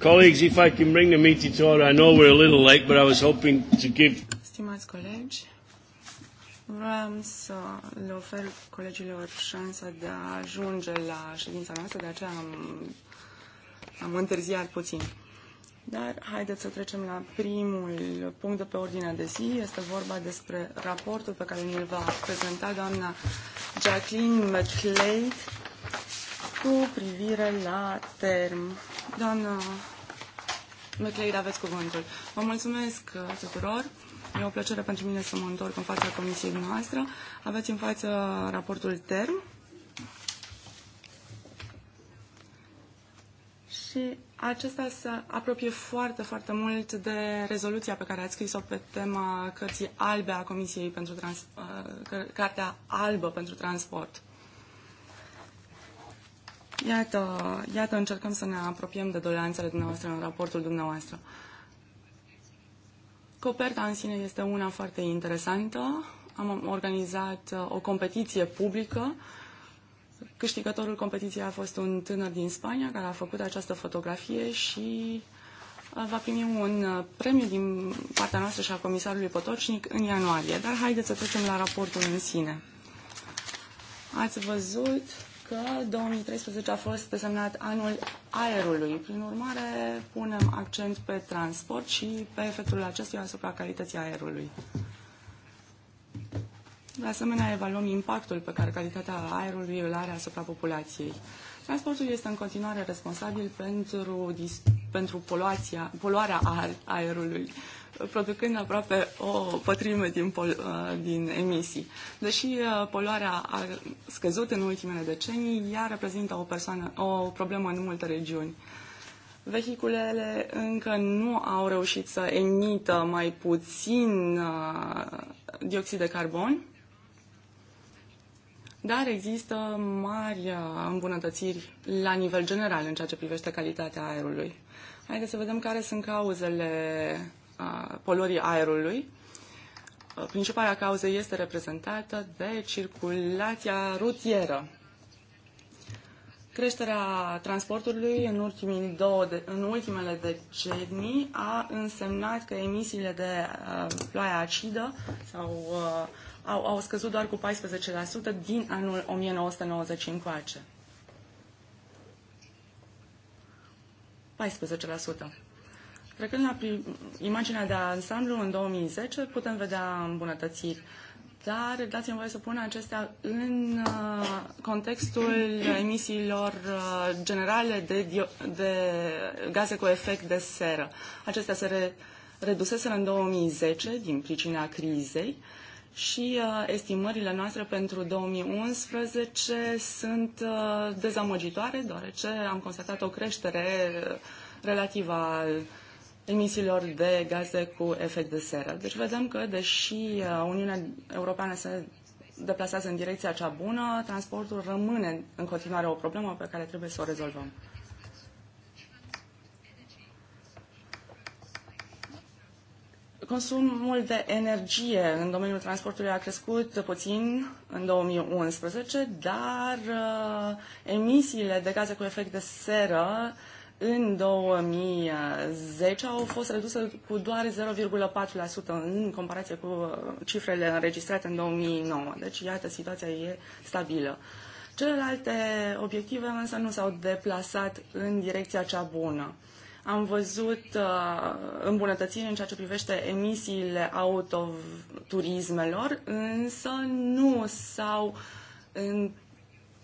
Colleagues, if I can bring the meeting to order, I know we're a little late, but I was hoping to give... Stimați colegi, vreau să le ofer colegilor șansa de a ajunge la ședința noastră, de aceea am, am întârziat puțin. Dar haideți să trecem la primul punct de pe ordinea de zi. Este vorba despre raportul pe care ne-l va prezenta doamna Jacqueline McClade, cu privire la term. Doamna McLeod, aveți cuvântul. Vă mulțumesc uh, tuturor. E o plăcere pentru mine să mă întorc în fața comisiei noastre. Aveți în față raportul term. Și acesta se apropie foarte, foarte mult de rezoluția pe care ați scris-o pe tema cărții albe a Comisiei pentru trans- uh, Cartea Albă pentru Transport. Iată, iată, încercăm să ne apropiem de doleanțele dumneavoastră în raportul dumneavoastră. Coperta în sine este una foarte interesantă. Am organizat uh, o competiție publică. Câștigătorul competiției a fost un tânăr din Spania care a făcut această fotografie și uh, va primi un uh, premiu din partea noastră și a comisarului Potocnic în ianuarie. Dar haideți să trecem la raportul în sine. Ați văzut că 2013 a fost desemnat anul aerului. Prin urmare, punem accent pe transport și pe efectul acestuia asupra calității aerului. De asemenea, evaluăm impactul pe care calitatea aerului îl are asupra populației. Transportul este în continuare responsabil pentru, pentru poluarea aerului producând aproape o pătrime din, pol, uh, din emisii. Deși uh, poluarea a scăzut în ultimele decenii, ea reprezintă o, persoană, o problemă în multe regiuni. Vehiculele încă nu au reușit să emită mai puțin uh, dioxid de carbon, dar există mari îmbunătățiri la nivel general în ceea ce privește calitatea aerului. Haideți să vedem care sunt cauzele poluării aerului. Uh, principala cauză este reprezentată de circulația rutieră. Creșterea transportului în, ultimii două de, în ultimele decenii a însemnat că emisiile de uh, ploaie acidă sau, uh, au, au scăzut doar cu 14% din anul 1995. 14%. Trecând la imaginea de ansamblu în 2010, putem vedea îmbunătățiri. Dar dați-mi voie să pun acestea în uh, contextul emisiilor uh, generale de, de gaze cu efect de seră. Acestea se re, reduseseră în 2010 din pricina crizei și uh, estimările noastre pentru 2011 sunt uh, dezamăgitoare, deoarece am constatat o creștere uh, relativă a emisiilor de gaze cu efect de seră. Deci vedem că, deși uh, Uniunea Europeană se deplasează în direcția cea bună, transportul rămâne în continuare o problemă pe care trebuie să o rezolvăm. Consumul de energie în domeniul transportului a crescut puțin în 2011, dar uh, emisiile de gaze cu efect de seră în 2010 au fost reduse cu doar 0,4% în comparație cu uh, cifrele înregistrate în 2009. Deci, iată, situația e stabilă. Celelalte obiective însă nu s-au deplasat în direcția cea bună. Am văzut uh, îmbunătățiri în ceea ce privește emisiile autoturismelor, însă nu s-au întâmplat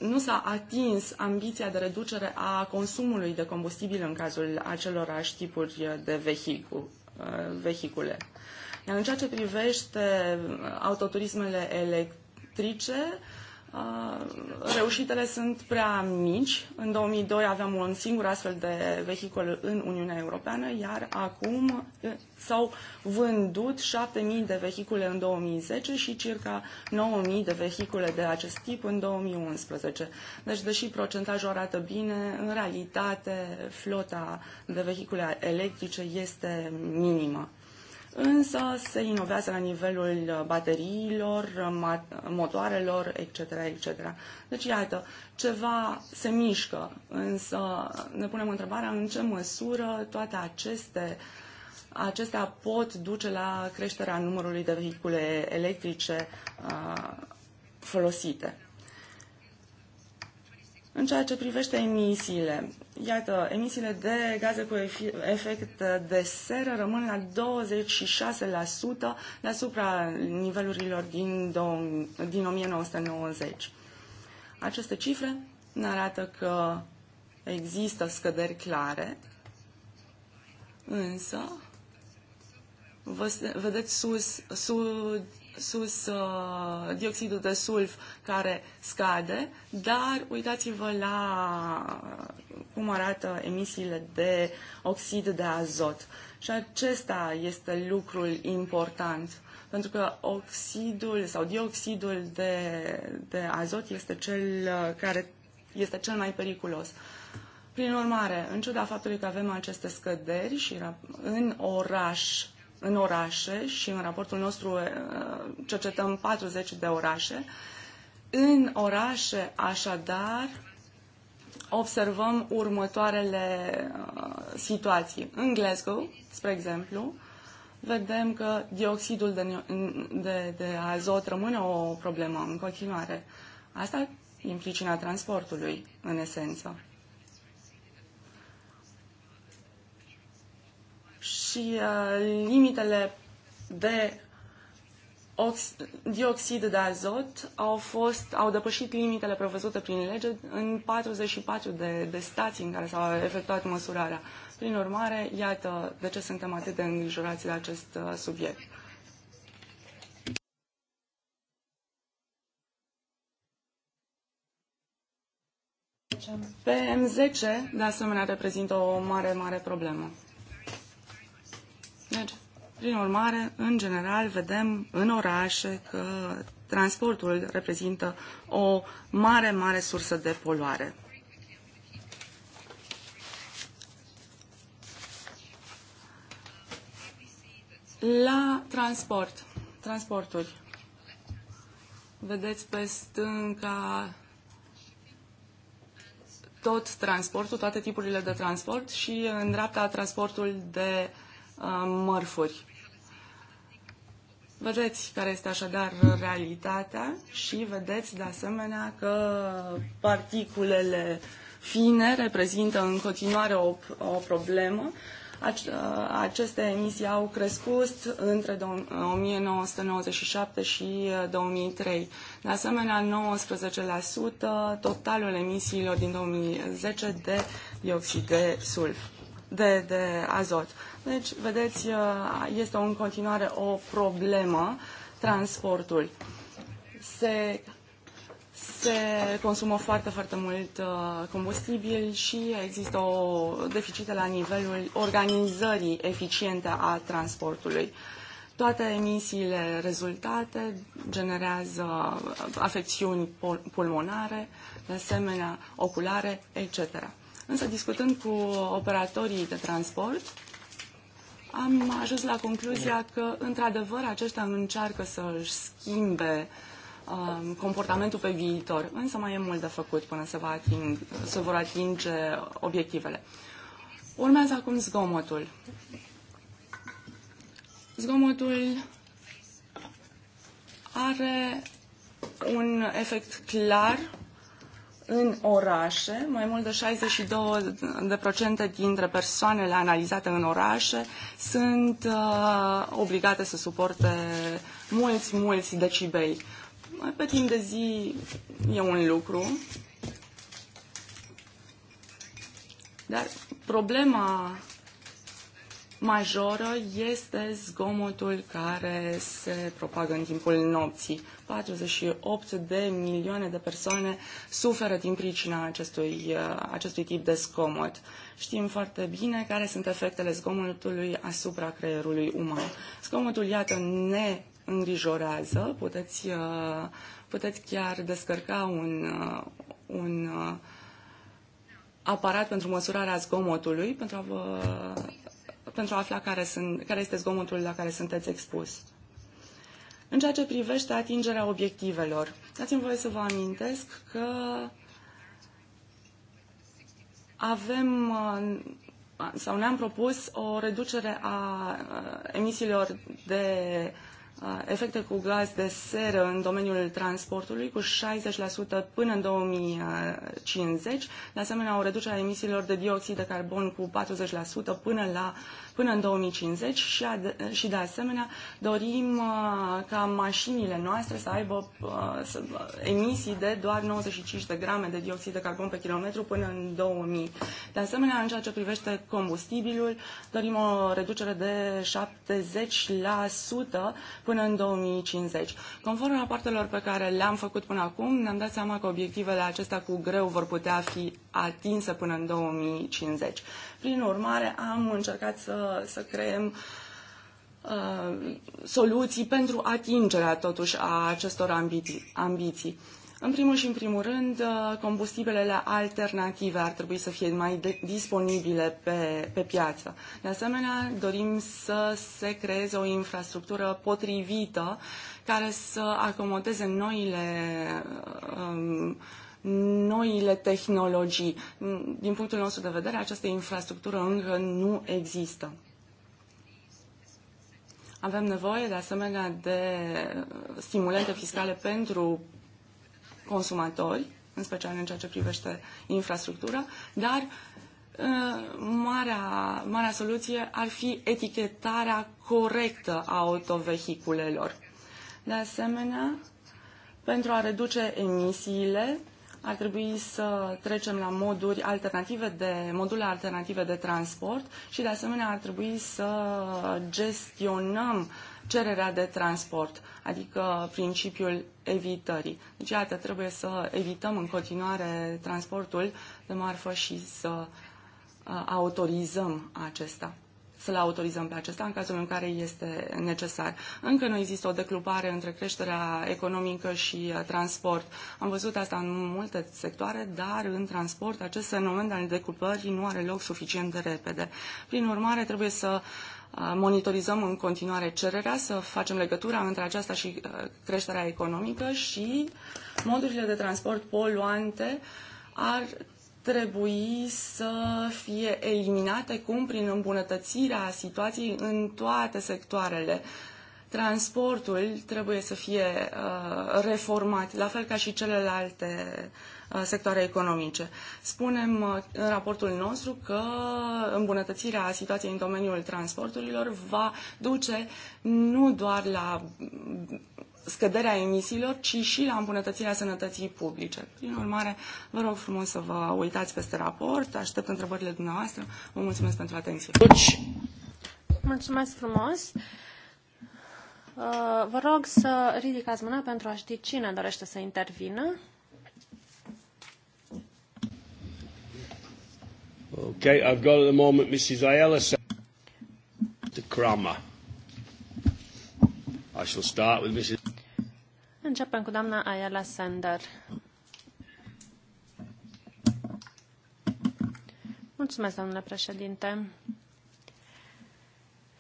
nu s-a atins ambiția de reducere a consumului de combustibil în cazul acelorași tipuri de vehicu, uh, vehicule. Iar în ceea ce privește autoturismele electrice, Uh, reușitele sunt prea mici. În 2002 aveam un singur astfel de vehicul în Uniunea Europeană, iar acum uh, s-au vândut 7.000 de vehicule în 2010 și circa 9.000 de vehicule de acest tip în 2011. Deci, deși procentajul arată bine, în realitate flota de vehicule electrice este minimă însă se inovează la nivelul uh, bateriilor, uh, motoarelor, etc., etc. Deci, iată, ceva se mișcă, însă uh, ne punem întrebarea în ce măsură toate aceste acestea pot duce la creșterea numărului de vehicule electrice uh, folosite. În ceea ce privește emisiile, iată, emisiile de gaze cu efect de seră rămân la 26% deasupra nivelurilor din, din 1990. Aceste cifre ne arată că există scăderi clare, însă vedeți sus, sud, sus uh, dioxidul de sulf care scade, dar uitați-vă la cum arată emisiile de oxid de azot. Și acesta este lucrul important, pentru că oxidul sau dioxidul de, de azot este cel uh, care este cel mai periculos. Prin urmare, în ciuda faptului că avem aceste scăderi și în oraș în orașe și în raportul nostru uh, cercetăm 40 de orașe. În orașe, așadar, observăm următoarele uh, situații. În Glasgow, spre exemplu, vedem că dioxidul de, de, de azot rămâne o problemă în continuare. Asta din pricina transportului, în esență. și uh, limitele de dioxid de azot au, fost, au depășit limitele prevăzute prin lege în 44 de, de stații în care s-a efectuat măsurarea. Prin urmare, iată de ce suntem atât de îngrijorați de acest uh, subiect. PM10, de asemenea, reprezintă o mare, mare problemă. Deci, prin urmare, în general, vedem în orașe că transportul reprezintă o mare, mare sursă de poluare. La transport, transporturi, vedeți pe stânga tot transportul, toate tipurile de transport și în dreapta transportul de uh, mărfuri. Vedeți care este așadar realitatea și vedeți de asemenea că particulele fine reprezintă în continuare o, o problemă. Aceste emisii au crescut între 1997 și 2003. De asemenea, 19% totalul emisiilor din 2010 de dioxid de sulf, de, de azot. Deci, vedeți, uh, este în continuare o problemă transportul. Se, se consumă foarte, foarte mult uh, combustibil și există o deficită la nivelul organizării eficiente a transportului. Toate emisiile rezultate generează afecțiuni pulmonare, de asemenea oculare, etc. Însă discutând cu operatorii de transport, am ajuns la concluzia că, într-adevăr, aceștia încearcă să-și schimbe um, comportamentul pe viitor, însă mai e mult de făcut până se, va ating, se vor atinge obiectivele. Urmează acum zgomotul. Zgomotul are un efect clar în orașe, mai mult de 62% dintre persoanele analizate în orașe sunt uh, obligate să suporte mulți, mulți decibeli. Pe timp de zi e un lucru, dar problema majoră este zgomotul care se propagă în timpul nopții. 48 de milioane de persoane suferă din pricina acestui, uh, acestui tip de zgomot. Știm foarte bine care sunt efectele zgomotului asupra creierului uman. Zgomotul, iată, ne îngrijorează, puteți, uh, puteți chiar descărca un, uh, un aparat pentru măsurarea zgomotului pentru a vă pentru a afla care, sunt, care este zgomotul la care sunteți expus. În ceea ce privește atingerea obiectivelor, dați-mi voie să vă amintesc că avem uh, sau ne-am propus o reducere a uh, emisiilor de uh, efecte cu gaz de seră în domeniul transportului cu 60% până în 2050, de asemenea o reducere a emisiilor de dioxid de carbon cu 40% până la până în 2050 și, și de asemenea dorim uh, ca mașinile noastre să aibă uh, să, uh, emisii de doar 95 de grame de dioxid de carbon pe kilometru până în 2000. De asemenea, în ceea ce privește combustibilul, dorim o reducere de 70% până în 2050. Conform rapoartelor pe care le-am făcut până acum, ne-am dat seama că obiectivele acestea cu greu vor putea fi atinse până în 2050. Prin urmare, am încercat să să creăm uh, soluții pentru atingerea totuși a acestor ambiții. ambiții. În primul și în primul rând, uh, combustibilele alternative ar trebui să fie mai disponibile pe, pe piață. De asemenea, dorim să se creeze o infrastructură potrivită care să acomodeze noile uh, um, noile tehnologii. Din punctul nostru de vedere, această infrastructură încă nu există. Avem nevoie, de asemenea, de stimulente fiscale pentru consumatori, în special în ceea ce privește infrastructura, dar uh, marea, marea soluție ar fi etichetarea corectă a autovehiculelor. De asemenea, pentru a reduce emisiile, ar trebui să trecem la moduri alternative de, module alternative de transport și de asemenea ar trebui să gestionăm cererea de transport, adică principiul evitării. Deci, iată, trebuie să evităm în continuare transportul de marfă și să autorizăm acesta să-l autorizăm pe acesta în cazul în care este necesar. Încă nu există o declupare între creșterea economică și uh, transport. Am văzut asta în multe sectoare, dar în transport acest fenomen al decuplării nu are loc suficient de repede. Prin urmare, trebuie să uh, monitorizăm în continuare cererea, să facem legătura între aceasta și uh, creșterea economică și modurile de transport poluante ar trebui să fie eliminate cum prin îmbunătățirea situației în toate sectoarele. Transportul trebuie să fie uh, reformat, la fel ca și celelalte uh, sectoare economice. Spunem uh, în raportul nostru că îmbunătățirea situației în domeniul transporturilor va duce nu doar la scăderea emisiilor, ci și la îmbunătățirea sănătății publice. Prin urmare, vă rog frumos să vă uitați peste raport, aștept întrebările dumneavoastră. Vă mulțumesc pentru atenție. Deci, mulțumesc frumos. Uh, vă rog să ridicați mâna pentru a ști cine dorește să intervină. Okay, I've got at the moment Mrs. Ayala, Mr. Cramer. I shall start with Mrs. Începem cu doamna Ayala Sander. Mulțumesc, domnule președinte.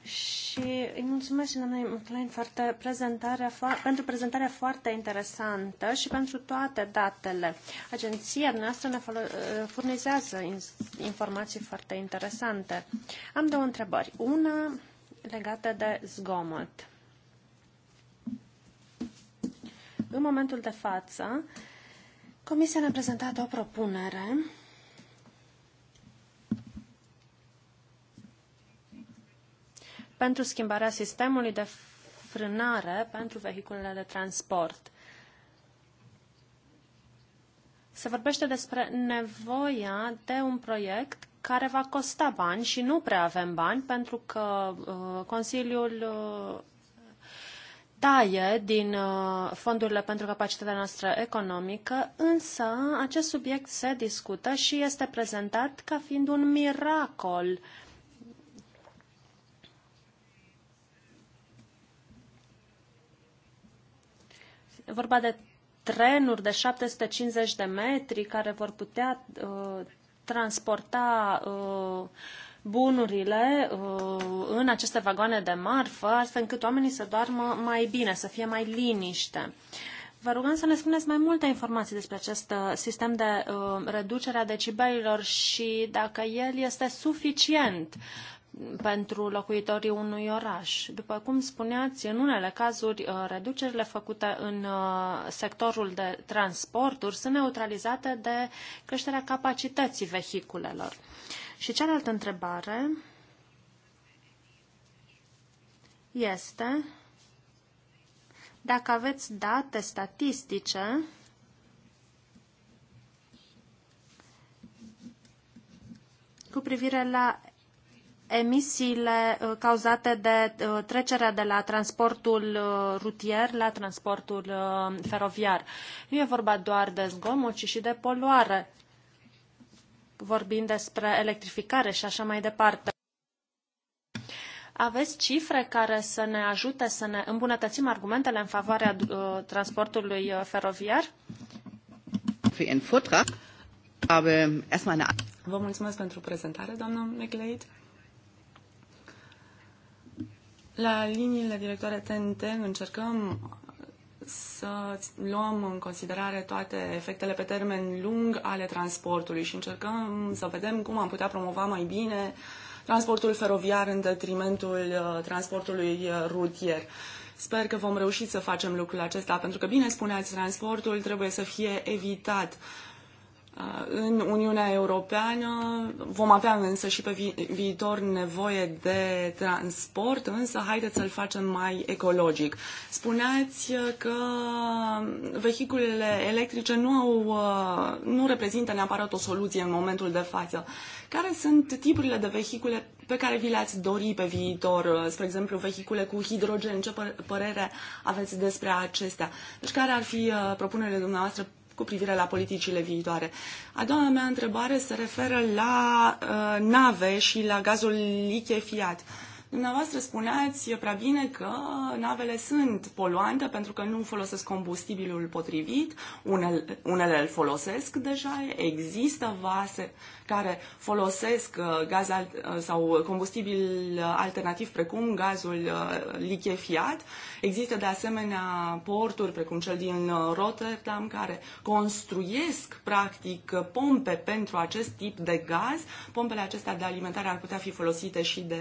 Și îi mulțumesc și doamnei McLean foarte prezentarea, pentru prezentarea foarte interesantă și pentru toate datele. Agenția noastră ne furnizează informații foarte interesante. Am două întrebări. Una legată de zgomot. În momentul de față, Comisia ne-a prezentat o propunere pentru schimbarea sistemului de frânare pentru vehiculele de transport. Se vorbește despre nevoia de un proiect care va costa bani și nu prea avem bani pentru că uh, Consiliul uh, taie din uh, fondurile pentru capacitatea noastră economică, însă acest subiect se discută și este prezentat ca fiind un miracol. vorba de trenuri de 750 de metri care vor putea uh, transporta uh, bunurile uh, în aceste vagoane de marfă, astfel încât oamenii să doarmă mai bine, să fie mai liniște. Vă rugăm să ne spuneți mai multe informații despre acest uh, sistem de uh, reducere a decibelilor și dacă el este suficient pentru locuitorii unui oraș. După cum spuneați, în unele cazuri, uh, reducerile făcute în uh, sectorul de transporturi sunt neutralizate de creșterea capacității vehiculelor. Și cealaltă întrebare este dacă aveți date statistice cu privire la emisiile uh, cauzate de uh, trecerea de la transportul uh, rutier la transportul feroviar. Nu e vorba doar de zgomot, ci și de poluare, vorbind despre electrificare și așa mai departe. Aveți cifre care să ne ajute să ne îmbunătățim argumentele în favoarea uh, transportului uh, feroviar? Vă mulțumesc pentru prezentare, doamnă McLeod. La liniile directoare TNT încercăm să luăm în considerare toate efectele pe termen lung ale transportului și încercăm să vedem cum am putea promova mai bine uh, transportul feroviar în detrimentul uh, transportului uh, rutier. Sper că vom reuși să facem lucrul acesta, pentru că, bine spuneați, transportul trebuie să fie evitat Uh, în Uniunea Europeană. Vom avea însă și pe vi viitor nevoie de transport, însă haideți să-l facem mai ecologic. Spuneați uh, că vehiculele electrice nu, au, uh, nu reprezintă neapărat o soluție în momentul de față. Care sunt tipurile de vehicule pe care vi le-ați dori pe viitor, spre exemplu vehicule cu hidrogen, ce părere aveți despre acestea? Deci care ar fi propunerile dumneavoastră cu privire la politicile viitoare. A doua mea întrebare se referă la uh, nave și la gazul lichefiat. Uh, Dumneavoastră spuneați prea bine că navele sunt poluante pentru că nu folosesc combustibilul potrivit, unele, unele îl folosesc deja, există vase care folosesc uh, gaz alt, uh, sau combustibil alternativ precum gazul uh, lichefiat. Există de asemenea porturi precum cel din Rotterdam care construiesc practic pompe pentru acest tip de gaz. Pompele acestea de alimentare ar putea fi folosite și de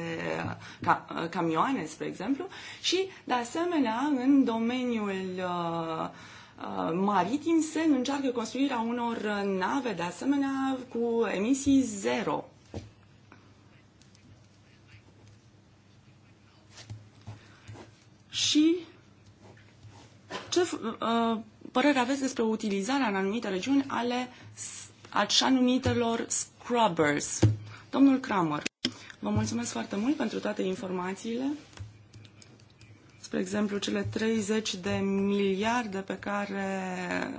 Uh, camioane, spre exemplu, și, de asemenea, în domeniul uh, uh, maritim se încearcă construirea unor nave, de asemenea, cu emisii zero. Și ce uh, părere aveți despre utilizarea în anumite regiuni ale așa numitelor scrubbers? Domnul Kramer. Vă mulțumesc foarte mult pentru toate informațiile. Spre exemplu, cele 30 de miliarde pe care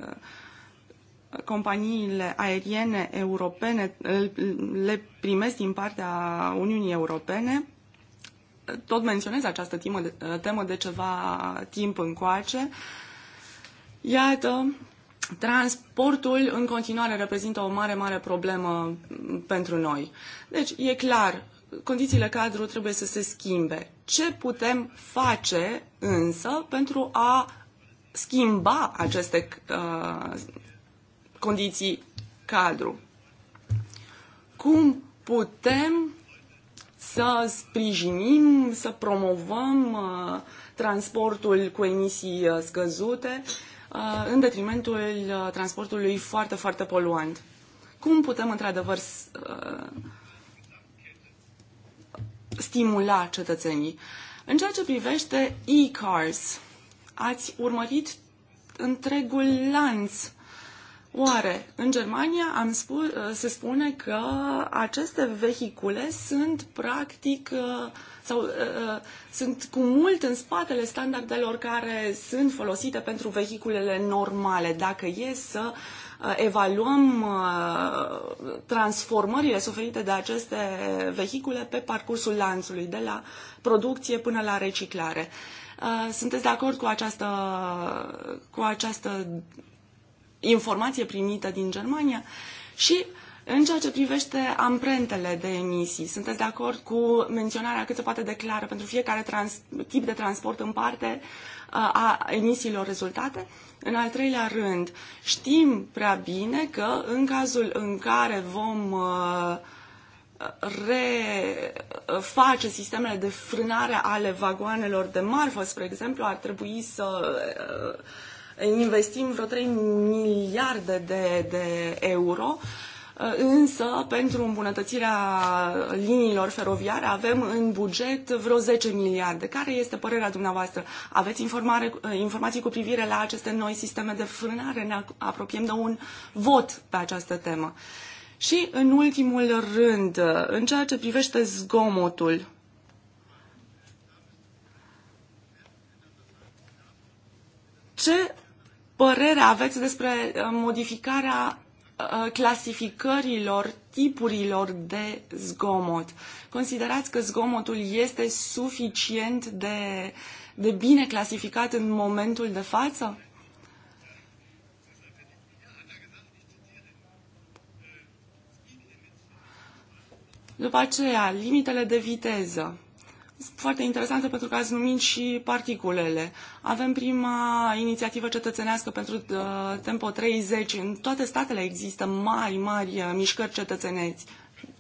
uh, companiile aeriene europene le primesc din partea Uniunii Europene. Tot menționez această temă de, uh, temă de ceva timp încoace. Iată, transportul în continuare reprezintă o mare, mare problemă mm, pentru noi. Deci, e clar, condițiile cadru trebuie să se schimbe. Ce putem face însă pentru a schimba aceste uh, condiții cadru? Cum putem să sprijinim, să promovăm uh, transportul cu emisii uh, scăzute uh, în detrimentul uh, transportului foarte, foarte poluant? Cum putem într-adevăr uh, stimula cetățenii. În ceea ce privește e-cars, ați urmărit întregul lanț. Oare, în Germania am spu- uh, se spune că aceste vehicule sunt practic uh, sau uh, uh, sunt cu mult în spatele standardelor care sunt folosite pentru vehiculele normale. Dacă e să uh, Uh, evaluăm uh, transformările suferite de aceste vehicule pe parcursul lanțului, de la producție până la reciclare. Uh, sunteți de acord cu această, cu această informație primită din Germania? Și în ceea ce privește amprentele de emisii, sunteți de acord cu menționarea cât se poate declară pentru fiecare trans- tip de transport în parte a emisiilor rezultate. În al treilea rând, știm prea bine că în cazul în care vom uh, reface sistemele de frânare ale vagoanelor de marfă, spre exemplu, ar trebui să uh, investim vreo 3 miliarde de, de euro Uh, însă pentru îmbunătățirea liniilor feroviare avem în buget vreo 10 miliarde. Care este părerea dumneavoastră? Aveți informare, uh, informații cu privire la aceste noi sisteme de frânare? Ne apropiem de un vot pe această temă. Și în ultimul rând, uh, în ceea ce privește zgomotul, ce părere aveți despre modificarea Uh, clasificărilor, tipurilor de zgomot. Considerați că zgomotul este suficient de, de bine clasificat în momentul de față? După aceea, limitele de viteză foarte interesante pentru că ați numit și particulele. Avem prima inițiativă cetățenească pentru uh, Tempo 30. În toate statele există mari, mari uh, mișcări cetățeneți,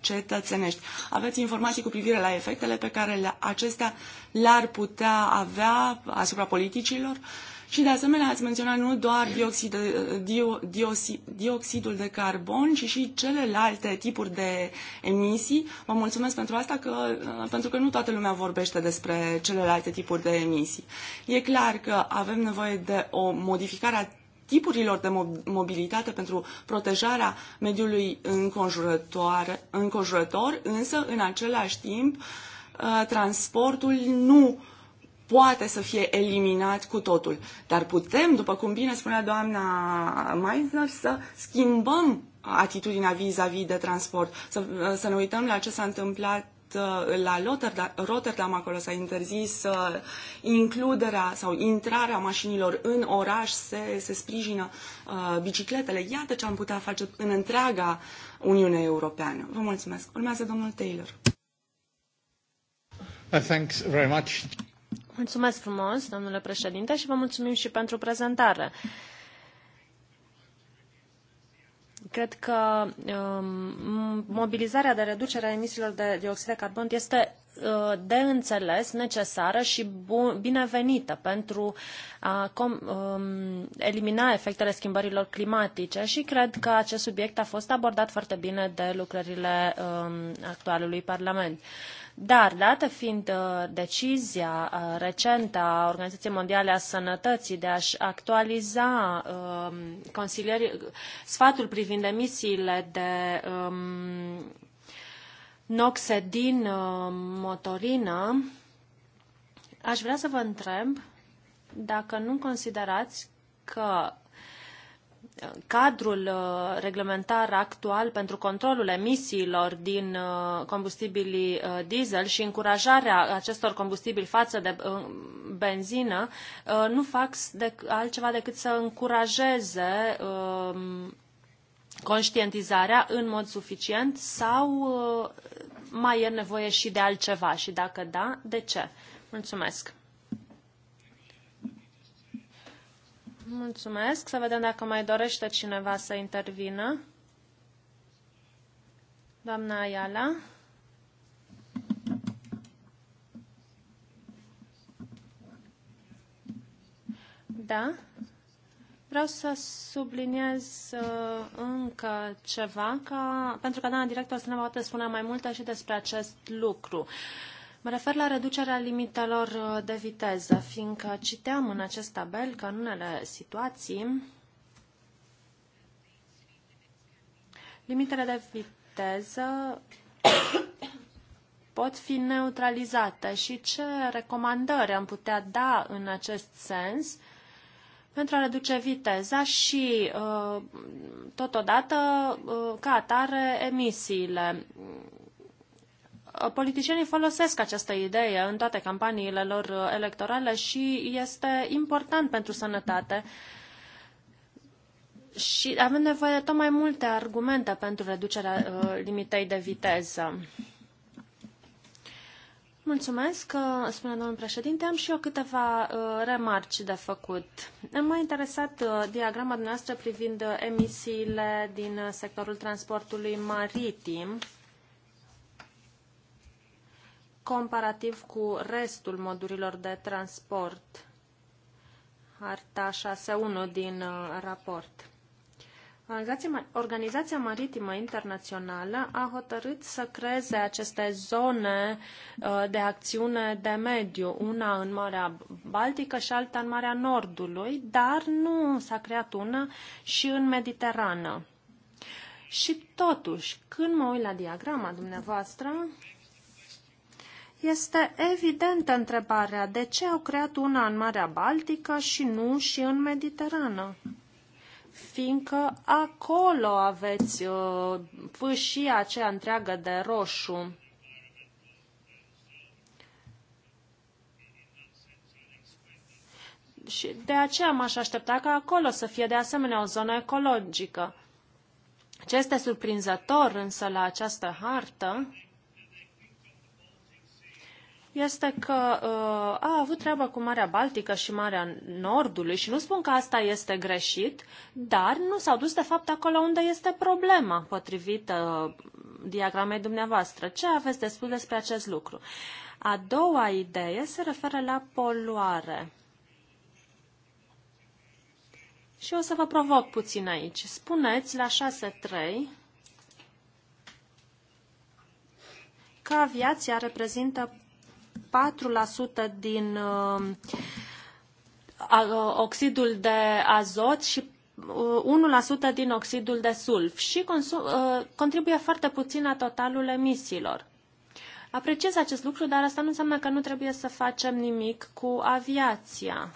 cetățenești. Aveți informații cu privire la efectele pe care le, acestea le-ar putea avea asupra politicilor? Uh, și de asemenea ați menționat nu doar dioxid, dio, dioxid, dioxidul de carbon, ci și celelalte tipuri de emisii. Vă mulțumesc pentru asta, că, uh, pentru că nu toată lumea vorbește despre celelalte tipuri de emisii. E clar că avem nevoie de o modificare a tipurilor de mobilitate pentru protejarea mediului înconjurător, însă, în același timp, uh, transportul nu uh, poate să fie eliminat cu totul. Dar putem, după cum bine spunea doamna Meisner, să schimbăm atitudinea vis-a-vis -vis de transport, să, să ne uităm la ce s-a întâmplat uh, la Rotterdam acolo s-a interzis uh, includerea sau intrarea mașinilor în oraș, se, se sprijină uh, bicicletele. Iată ce am putea face în întreaga Uniune Europeană. Vă mulțumesc. Urmează domnul Taylor. Uh, thanks very much. Mulțumesc frumos, domnule președinte, și vă mulțumim și pentru prezentare. Cred că um, mobilizarea de reducere a emisiilor de dioxid de carbon este uh, de înțeles, necesară și binevenită pentru a um, elimina efectele schimbărilor climatice și cred că acest subiect a fost abordat foarte bine de lucrările um, actualului Parlament. Uh, dar, dată fiind uh, decizia uh, recentă a Organizației Mondiale a Sănătății de a-și actualiza um, sfatul privind emisiile de um, noxe din uh, motorină, aș vrea să vă întreb dacă nu considerați că cadrul uh, reglementar actual pentru controlul emisiilor din uh, combustibilii uh, diesel și încurajarea acestor combustibili față de benzină nu fac altceva decât să încurajeze um, conștientizarea în mod suficient sau mai e nevoie și de altceva și dacă da, de ce? Mulțumesc! Mulțumesc. Să vedem dacă mai dorește cineva să intervină. Doamna Ayala. Da. Vreau să subliniez uh, încă ceva, ca, pentru că doamna director să ne poate spune mai multe și despre acest lucru. Uh, Mă refer la reducerea limitelor uh, de viteză, fiindcă citeam în acest tabel că în unele situații limitele de viteză pot fi neutralizate și ce recomandări am putea da în acest sens pentru a reduce viteza și, uh, totodată, uh, ca atare, emisiile politicienii folosesc această idee în toate campaniile lor electorale și este important pentru sănătate. Și avem nevoie de tot mai multe argumente pentru reducerea uh, limitei de viteză. Mulțumesc, uh, spune domnul președinte. Am și eu câteva uh, remarci de făcut. M-a interesat diagrama dumneavoastră privind emisiile din sectorul transportului maritim comparativ cu restul modurilor de transport. Harta 6.1 din uh, raport. Organizația, Maritimă Internațională a hotărât să creeze aceste zone uh, de acțiune de mediu, una în Marea Baltică și alta în Marea Nordului, dar nu s-a creat una și în Mediterană. Și totuși, când mă uit la diagrama dumneavoastră, este evidentă întrebarea de ce au creat una în Marea Baltică și nu și în Mediterană fiindcă acolo aveți uh, fâșia aceea întreagă de roșu. Și de aceea m-aș aștepta ca acolo să fie de asemenea o zonă ecologică. Ce este surprinzător însă la această hartă este că uh, a avut treabă cu Marea Baltică și Marea Nordului și nu spun că asta este greșit, dar nu s-au dus de fapt acolo unde este problema, potrivit uh, diagramei dumneavoastră. Ce aveți de spus despre acest lucru? A doua idee se referă la poluare. Și o să vă provoc puțin aici. Spuneți la 6.3 că aviația reprezintă 4% din uh, uh, oxidul de azot și 1% uh, din oxidul de sulf și contribuie foarte puțin la totalul emisiilor. Apreciez acest lucru, dar asta nu înseamnă că nu trebuie să facem nimic cu aviația.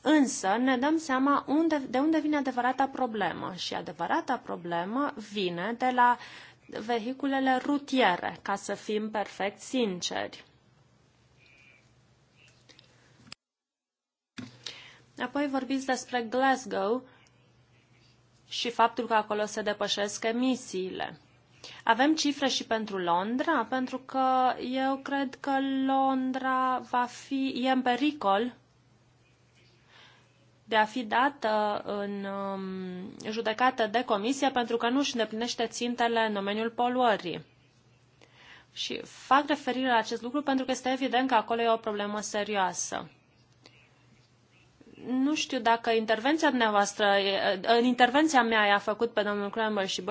Însă ne dăm seama unde, de unde vine adevărata problemă și adevărata problemă vine de la vehiculele rutiere, ca să fim perfect sinceri. Apoi vorbiți despre Glasgow și faptul că acolo se depășesc emisiile. Avem cifre și pentru Londra, pentru că eu cred că Londra va fi, e în pericol de a fi dată în um, judecată de comisie pentru că nu își îndeplinește țintele în domeniul poluării. Și fac referire la acest lucru pentru că este evident că acolo e o problemă serioasă nu știu dacă intervenția dumneavoastră, în intervenția mea i-a făcut pe domnul Kramer și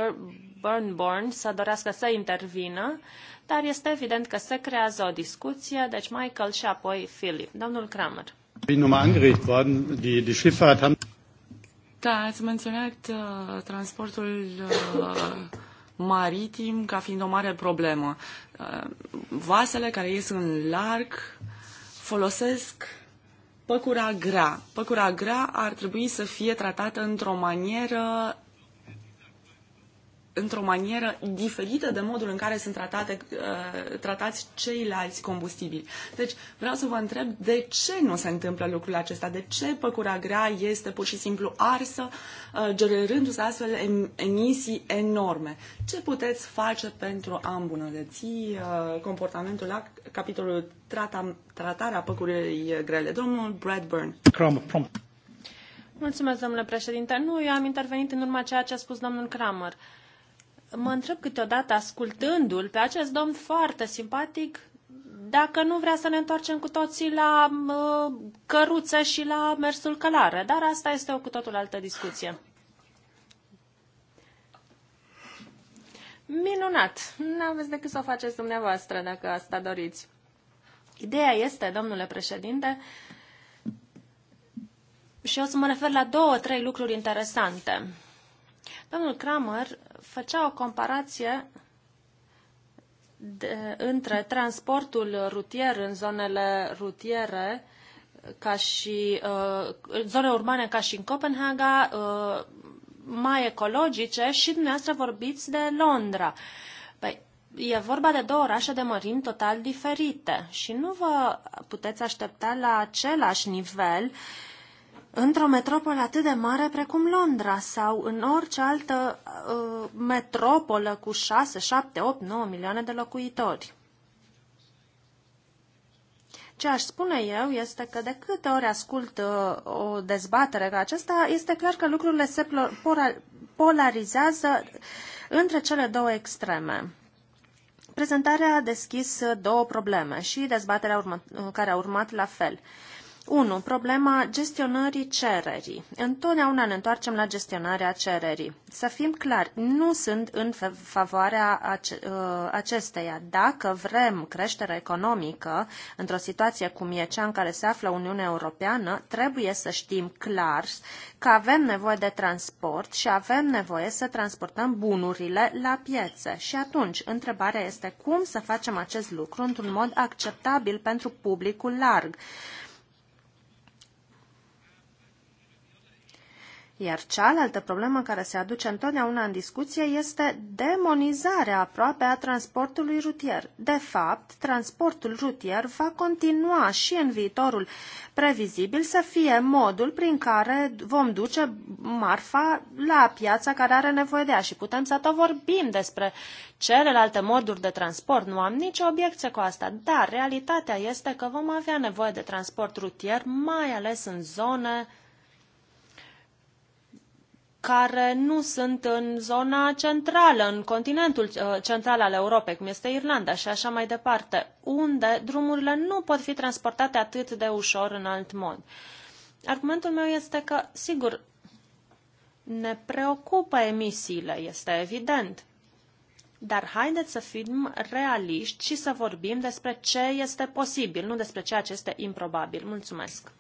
Burnborn să dorească să intervină, dar este evident că se creează o discuție, deci Michael și apoi Philip. Domnul Kramer. Da, ați menționat uh, transportul uh, maritim ca fiind o mare problemă. Uh, vasele care ies în larg folosesc păcura grea. Păcura grea ar trebui să fie tratată într-o manieră într-o manieră diferită de modul în care sunt tratate, uh, tratați ceilalți combustibili. Deci vreau să vă întreb de ce nu se întâmplă lucrul acesta, de ce păcura grea este pur și simplu arsă, uh, generându-se astfel emisii enorme. Ce puteți face pentru a îmbunătăți uh, comportamentul la capitolul trata, tratarea păcurii grele? Domnul Bradburn. Crom, Mulțumesc, domnule președinte. Nu, eu am intervenit în urma ceea ce a spus domnul Kramer. Uh, mă întreb câteodată, ascultându-l pe acest domn foarte simpatic, dacă nu vrea să ne întoarcem cu toții la uh, căruță și la mersul călare, dar asta este o cu totul altă discuție. Minunat! Nu aveți decât să o faceți dumneavoastră, dacă asta doriți. Ideea este, domnule președinte, și o să mă refer la două, trei lucruri interesante. Domnul Kramer făcea o comparație de, între transportul rutier în zonele rutiere ca și uh, zone urbane ca și în Copenhaga, uh, mai ecologice și dumneavoastră vorbiți de Londra. Păi, e vorba de două orașe de mărimi total diferite și nu vă puteți aștepta la același nivel uh, într-o metropolă atât de mare precum Londra sau în orice altă uh, metropolă cu 6, 7, 8, 9 milioane de locuitori. Ce aș spune eu este că de câte ori ascult uh, o dezbatere ca aceasta, este clar că lucrurile se polarizează între cele două extreme. Prezentarea a deschis uh, două probleme și dezbaterea urmă uh, care a urmat la fel. Uh, 1. Problema gestionării cererii. Întotdeauna ne întoarcem la gestionarea cererii. Să fim clari, nu sunt în favoarea ă, acesteia. Dacă vrem creștere economică într-o situație cum e cea în care se află Uniunea Europeană, trebuie să știm clar că avem nevoie de transport și avem nevoie să transportăm bunurile la piețe. Și atunci, întrebarea este cum să facem acest lucru într-un mod acceptabil pentru publicul larg. Iar cealaltă problemă care se aduce întotdeauna în discuție este demonizarea aproape a transportului rutier. De fapt, transportul rutier va continua și în viitorul previzibil să fie modul prin care vom duce marfa la piața care are nevoie de ea și putem să tot vorbim despre celelalte moduri de transport. Nu am nicio obiecție cu asta, dar realitatea este că vom avea nevoie de transport rutier, mai ales în zone care nu sunt în zona centrală, în continentul uh, central al Europei, cum este Irlanda și așa mai departe, unde drumurile nu pot fi transportate atât de ușor în alt mod. Argumentul meu este că, sigur, ne preocupă emisiile, este evident. Dar haideți să fim realiști și să vorbim despre ce este posibil, nu despre ceea ce este improbabil. Mulțumesc!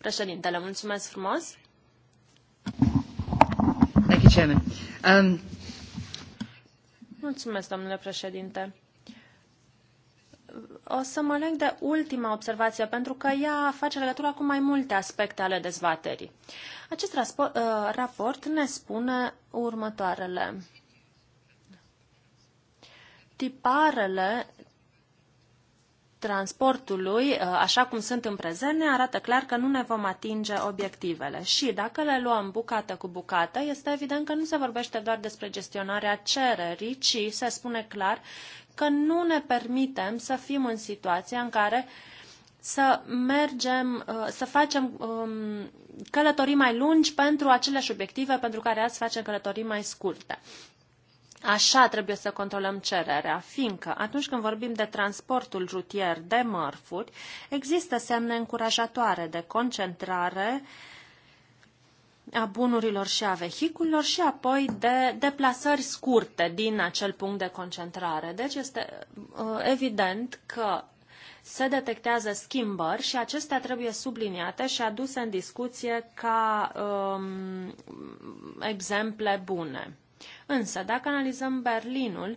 Președintele, mulțumesc frumos. Thank you, Chairman. Um... Mulțumesc, domnule președinte. O să mă leg de ultima observație, pentru că ea face legătura cu mai multe aspecte ale dezbaterii. Acest uh, raport ne spune următoarele. Tiparele transportului, uh, așa cum sunt în prezent, ne arată clar că nu ne vom atinge obiectivele. Și dacă le luăm bucată cu bucată, este evident că nu se vorbește doar despre gestionarea cererii, ci se spune clar că nu ne permitem să fim în situația în care să mergem, uh, să facem um, călătorii mai lungi pentru aceleași obiective pentru care azi facem călătorii mai scurte. Așa trebuie să controlăm cererea, fiindcă atunci când vorbim de transportul rutier de mărfuri, există semne încurajatoare de concentrare a bunurilor și a vehiculilor și apoi de deplasări scurte din acel punct de concentrare. Deci este uh, evident că se detectează schimbări și acestea trebuie subliniate și aduse în discuție ca um, exemple bune. Însă, dacă analizăm Berlinul,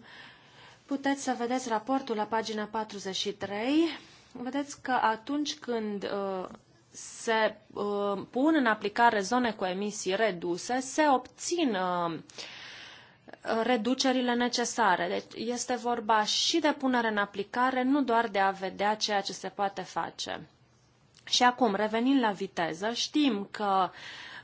puteți să vedeți raportul la pagina 43. Vedeți că atunci când uh, se uh, pun în aplicare zone cu emisii reduse, se obțin uh, reducerile necesare. Deci este vorba și de punere în aplicare, nu doar de a vedea ceea ce se poate face. Și acum, revenind la viteză, știm că uh,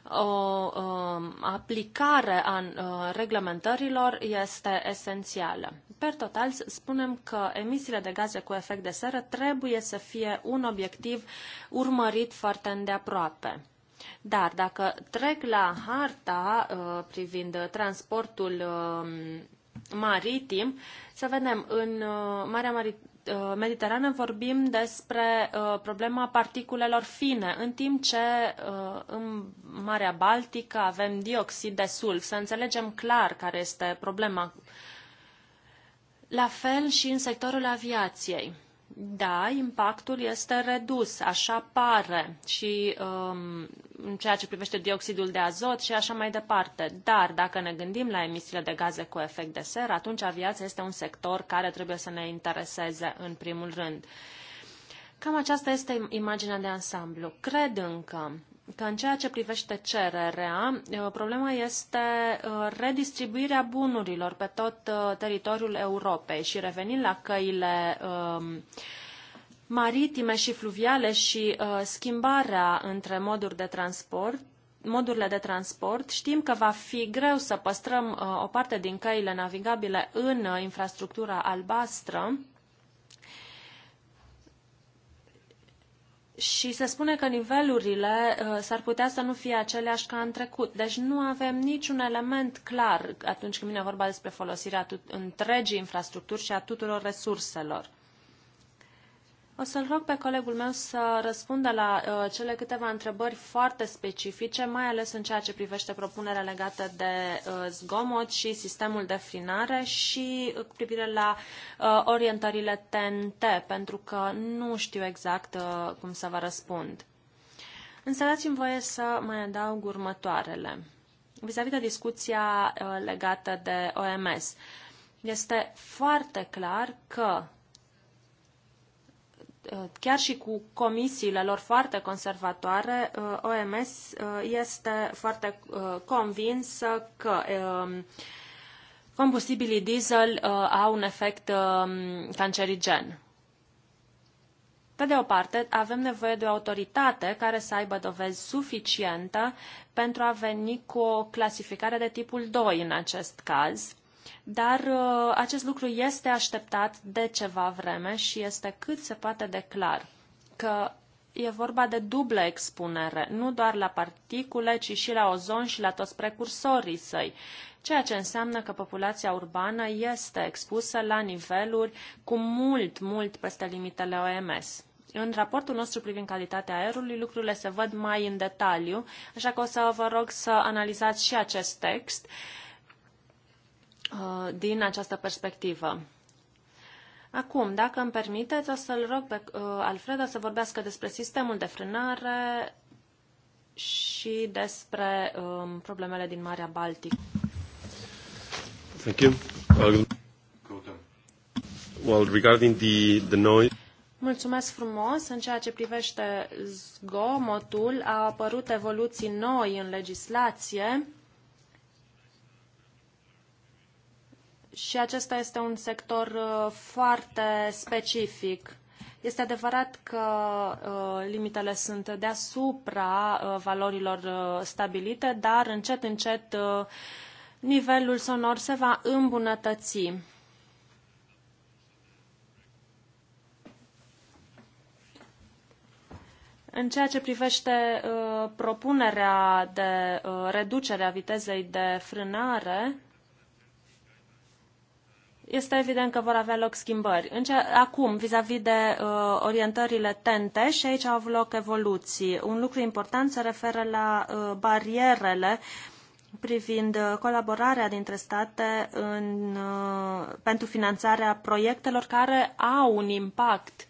o um, aplicare a uh, reglementărilor este esențială. Per total, spunem că emisiile de gaze cu efect de seră trebuie să fie un obiectiv urmărit foarte îndeaproape. Dar dacă trec la harta uh, privind transportul um, maritim, să vedem, în uh, Marea Marit- Uh, Mediterană vorbim despre uh, problema particulelor fine, în timp ce uh, în Marea Baltică avem dioxid de sulf. Să înțelegem clar care este problema. La fel și în sectorul aviației. Da, impactul este redus, așa pare, și um, în ceea ce privește dioxidul de azot și așa mai departe. Dar dacă ne gândim la emisiile de gaze cu efect de seră, atunci aviația este un sector care trebuie să ne intereseze în primul rând. Cam aceasta este imaginea de ansamblu. Cred încă că în ceea ce privește cererea, eh, problema este eh, redistribuirea bunurilor pe tot eh, teritoriul Europei și revenind la căile ehm, maritime și fluviale și schimbarea între moduri de transport, modurile de transport. Știm că va fi greu să păstrăm o parte din căile navigabile în infrastructura albastră, și se spune că nivelurile uh, s-ar putea să nu fie aceleași ca în trecut. Deci nu avem niciun element clar atunci când vine vorba despre folosirea întregii infrastructuri și a tuturor resurselor. O să-l rog pe colegul meu să răspundă la uh, cele câteva întrebări foarte specifice, mai ales în ceea ce privește propunerea legată de uh, zgomot și sistemul de frinare și uh, cu privire la uh, orientările TNT, pentru că nu știu exact uh, cum să vă răspund. Însă dați-mi voie să mai adaug următoarele. vis a -vis de discuția uh, legată de OMS, este foarte clar că Uh, chiar și cu comisiile lor foarte conservatoare, uh, OMS uh, este foarte convinsă că um, combustibilii diesel au un efect um, cancerigen. Pe de o parte, avem nevoie de o autoritate care să aibă dovezi suficiente pentru a veni cu o clasificare de tipul 2 în acest caz, dar uh, acest lucru este așteptat de ceva vreme și este cât se poate de clar că e vorba de dublă expunere, nu doar la particule, ci și la ozon și la toți precursorii săi, ceea ce înseamnă că populația urbană este expusă la niveluri cu mult, mult peste limitele OMS. În raportul nostru privind calitatea aerului, lucrurile se văd mai în detaliu, așa că o să vă rog să analizați și acest text Uh, din această perspectivă. Acum, dacă îmi permiteți, o să-l rog pe uh, Alfredo să vorbească despre sistemul de frânare și despre um, problemele din Marea Baltică. Thank you. Well, regarding the, the noise... Mulțumesc frumos. În ceea ce privește zgomotul, a apărut evoluții noi în legislație și acesta este un sector uh, foarte specific. Este adevărat că uh, limitele sunt deasupra uh, valorilor stabilite, dar încet, încet nivelul sonor se va îmbunătăți. În ceea ce privește uh, propunerea de uh, reducere a vitezei de frânare, este evident că vor avea loc schimbări. Înce acum, vis-a-vis -vis de uh, orientările tente, și aici au avut loc evoluții. Un lucru important se referă la uh, barierele privind uh, colaborarea dintre state în, uh, pentru finanțarea proiectelor care au un impact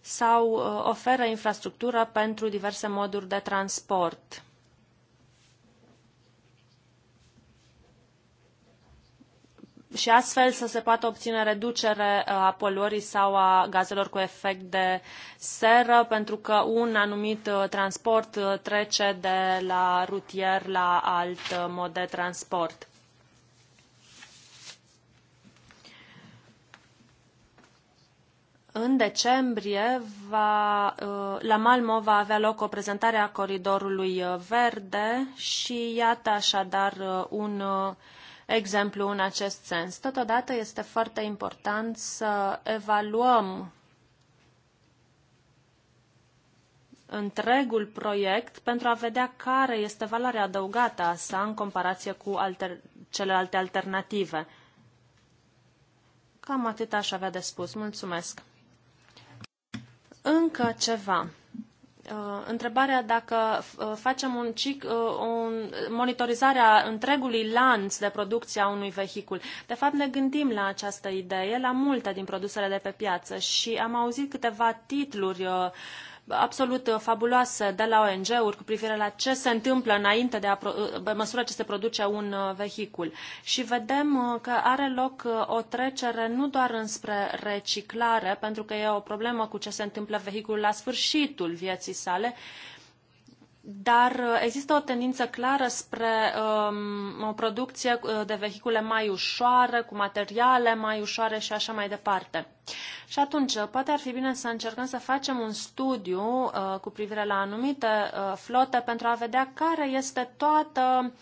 sau uh, oferă infrastructură pentru diverse moduri de transport. și astfel să se poată obține reducere uh, a poluării sau a gazelor cu efect de seră, pentru că un anumit uh, transport uh, trece de la rutier la alt mod de transport. În decembrie, va, la Malmo va avea loc o prezentare a Coridorului Verde și iată așadar un uh, exemplu în acest sens. Totodată este foarte important să evaluăm întregul proiect pentru a vedea care este valoarea adăugată a sa în comparație cu alter, celelalte alternative. Cam atât aș avea de spus. Mulțumesc. Încă ceva. Uh, întrebarea dacă uh, facem un cic, o uh, monitorizare a întregului lanț de producție a unui vehicul. De fapt, ne gândim la această idee, la multe din produsele de pe piață și am auzit câteva titluri uh, absolut uh, fabuloasă de la ONG-uri cu privire la ce se întâmplă înainte de a, uh, pe măsură ce se produce un uh, vehicul. Și vedem că are loc o trecere nu doar înspre reciclare, pentru că e o problemă cu ce se întâmplă vehiculul la sfârșitul vieții sale, dar uh, există o tendință clară spre um, o producție uh, de vehicule mai ușoare, cu materiale mai ușoare și așa mai departe. Și atunci, uh, poate ar fi bine să încercăm să facem un studiu uh, cu privire la anumite uh, flote pentru a vedea care este toată,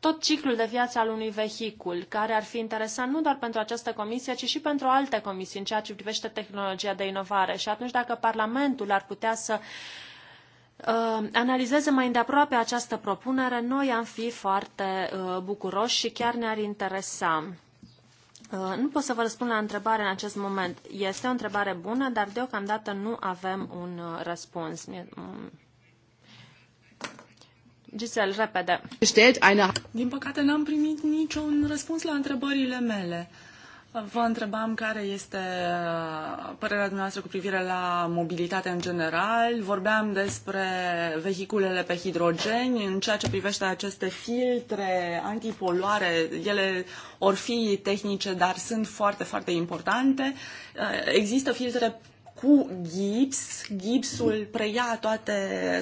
tot ciclul de viață al unui vehicul, care ar fi interesant nu doar pentru această comisie, ci și pentru alte comisii în ceea ce privește tehnologia de inovare. Și atunci, dacă Parlamentul ar putea să uh, analizeze mai îndeaproape această propunere, noi am fi foarte uh, bucuroși și chiar ne-ar interesa. Uh, nu pot să vă răspund la întrebare în acest moment. Este o întrebare bună, dar deocamdată nu avem un uh, răspuns. Mm. Gisel, repede. Din păcate n-am primit niciun răspuns la întrebările mele. Uh, Vă întrebam care este uh, părerea dumneavoastră cu privire la mobilitate în general. Vorbeam despre vehiculele pe hidrogen. În ceea ce privește aceste filtre antipoluare, ele or fi tehnice, dar sunt foarte, foarte importante. Uh, există filtre cu gips, gipsul preia toate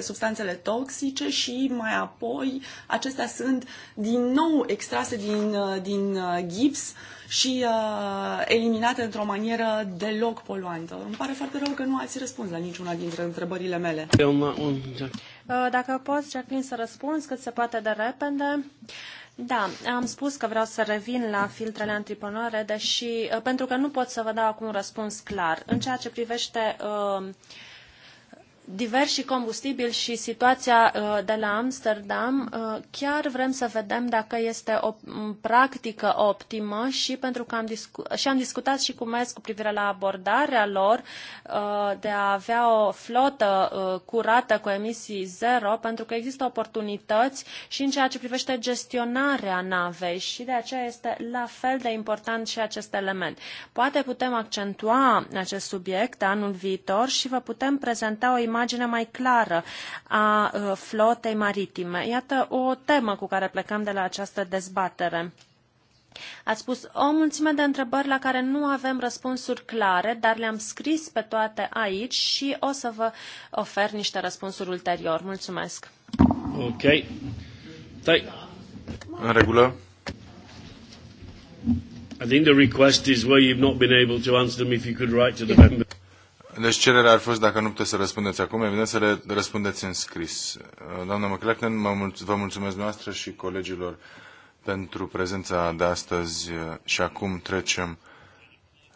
substanțele toxice și mai apoi acestea sunt din nou extrase din, uh, din gips și uh, eliminate într-o manieră deloc poluantă. Îmi pare foarte rău că nu ați răspuns la niciuna dintre întrebările mele. Da. Uh, dacă poți, Jacqueline, să răspunzi cât se poate de repede. Da, am spus că vreau să revin la filtrele antreprenore, deși, uh, pentru că nu pot să vă dau acum un răspuns clar. În ceea ce privește uh, diversi combustibili și situația uh, de la Amsterdam, uh, chiar vrem să vedem dacă este o practică optimă și pentru că am, discu- și am discutat și cu MES cu privire la abordarea lor uh, de a avea o flotă curată cu emisii zero, pentru că există oportunități și în ceea ce privește gestionarea navei și de aceea este la fel de important și acest element. Poate putem accentua acest subiect anul viitor și vă putem prezenta o imagine imagine mai clară a uh, flotei maritime. Iată o temă cu care plecăm de la această dezbatere. Ați spus o mulțime de întrebări la care nu avem răspunsuri clare, dar le-am scris pe toate aici și o să vă ofer niște răspunsuri ulterior. Mulțumesc! Ok. Thank În regulă. I think the request is where you've not been able to answer them if you could write to the member. Deci cererea ar fost, dacă nu puteți să răspundeți acum, evident să le răspundeți în scris. Uh, Doamna McLachlan, vă mulțumesc noastră și colegilor pentru prezența de astăzi uh, și acum trecem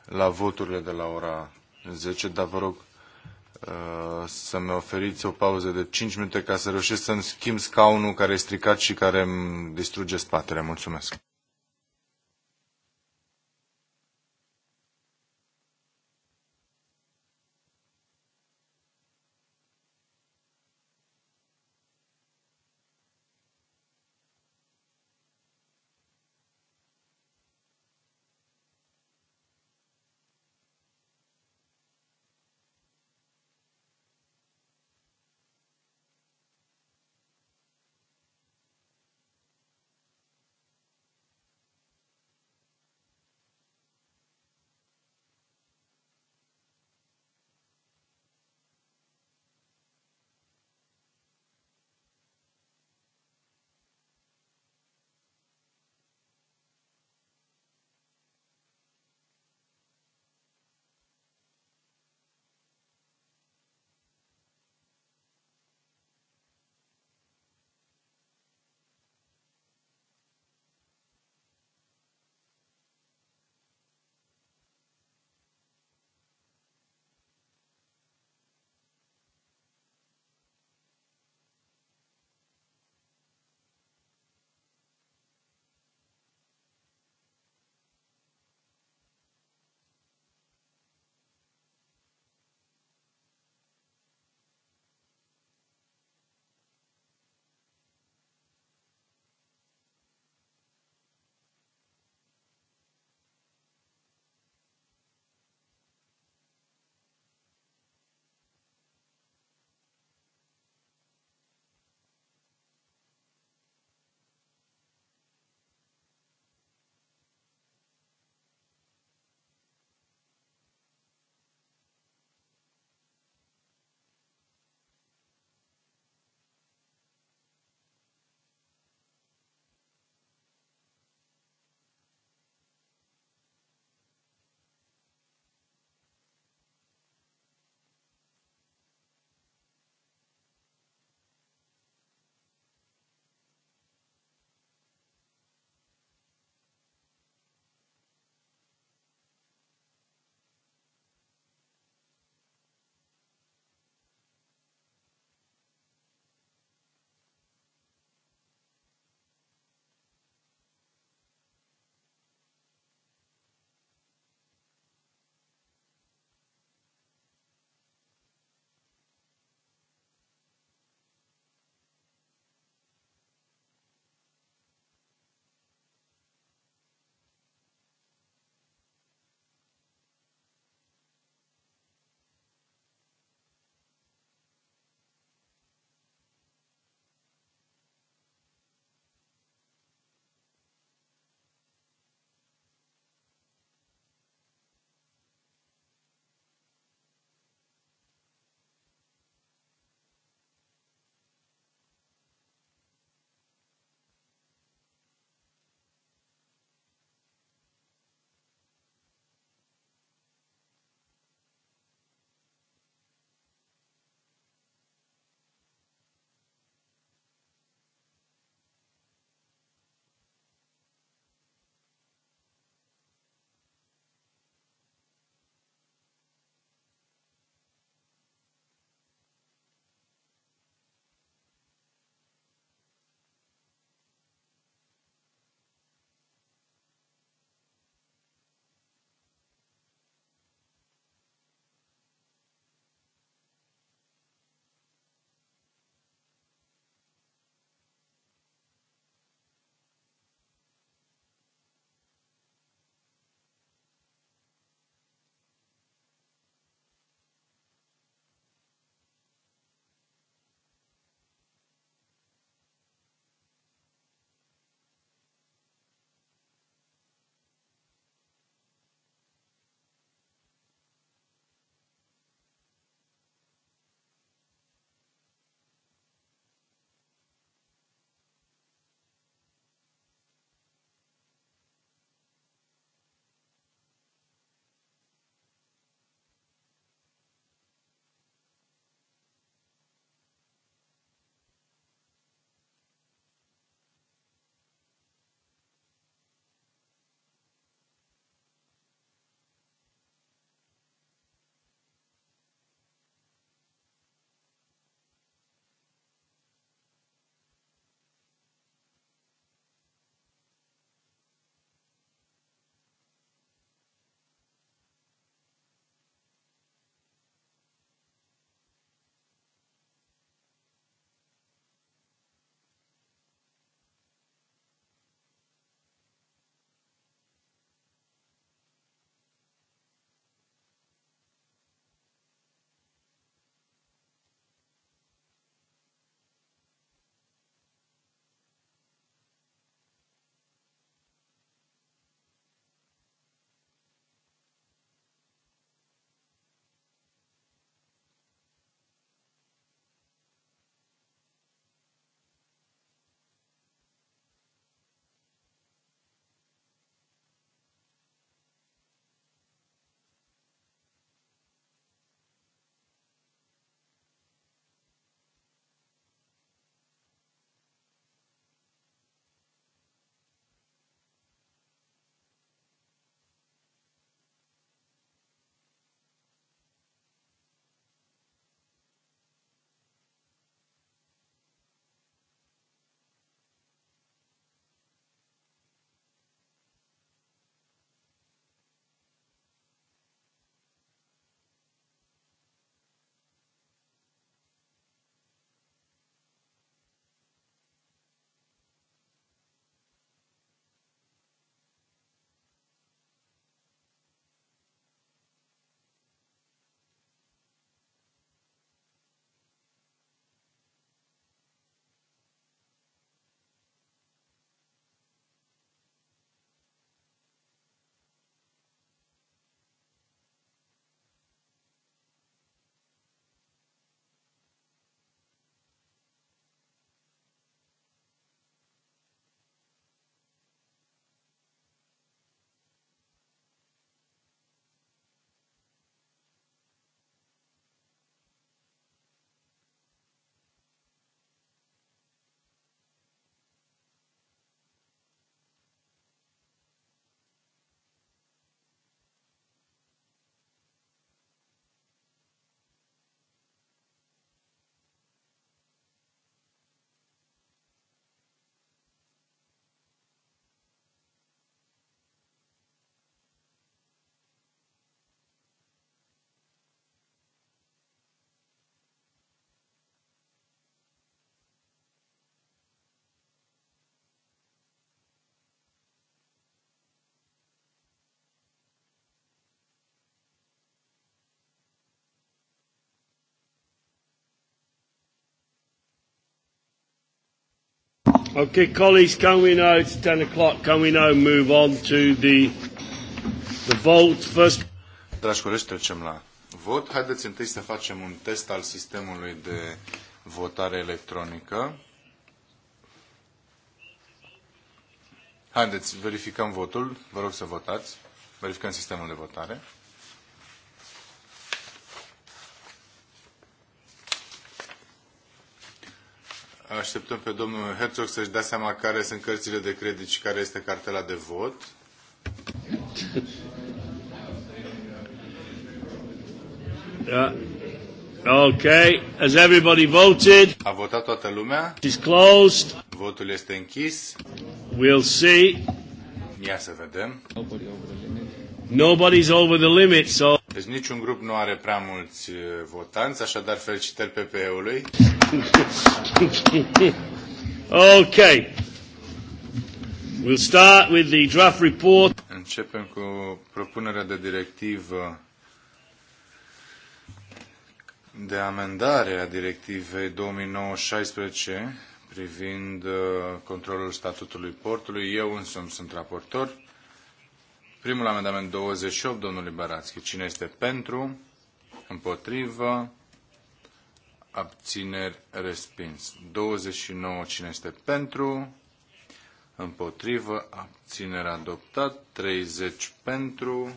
la voturile de la ora 10, dar vă rog uh, să-mi oferiți o pauză de 5 minute ca să reușesc să-mi schimb scaunul care e stricat și care îmi distruge spatele. Mulțumesc! Okay, colleagues, can we now, it's 10 o'clock, can we now move on to the, the vote first? Dragi colegi, trecem la vot. Haideți întâi să facem un test al sistemului de votare electronică. Haideți, verificăm votul. Vă rog să votați. Verificăm sistemul de votare. Așteptăm pe domnul Herzog să-și dea seama care sunt cărțile de credit și care este cartela de vot. Da. Okay, has everybody voted? A votat toată lumea. It's closed. Votul este închis. We'll see. Ia să vedem. Nobody over the limit. Nobody's over the limit, so... Deci niciun grup nu are prea mulți uh, votanți, așadar felicitări PPE-ului. ok. We'll start with the draft report. Începem cu propunerea de directivă de amendare a directivei 2009-16 privind uh, controlul statutului portului. Eu însumi sunt raportor. Primul amendament 28, domnul Baratski. Cine este pentru? Împotrivă? Abțineri respins. 29. Cine este pentru? Împotrivă? Abțineri adoptat. 30 pentru?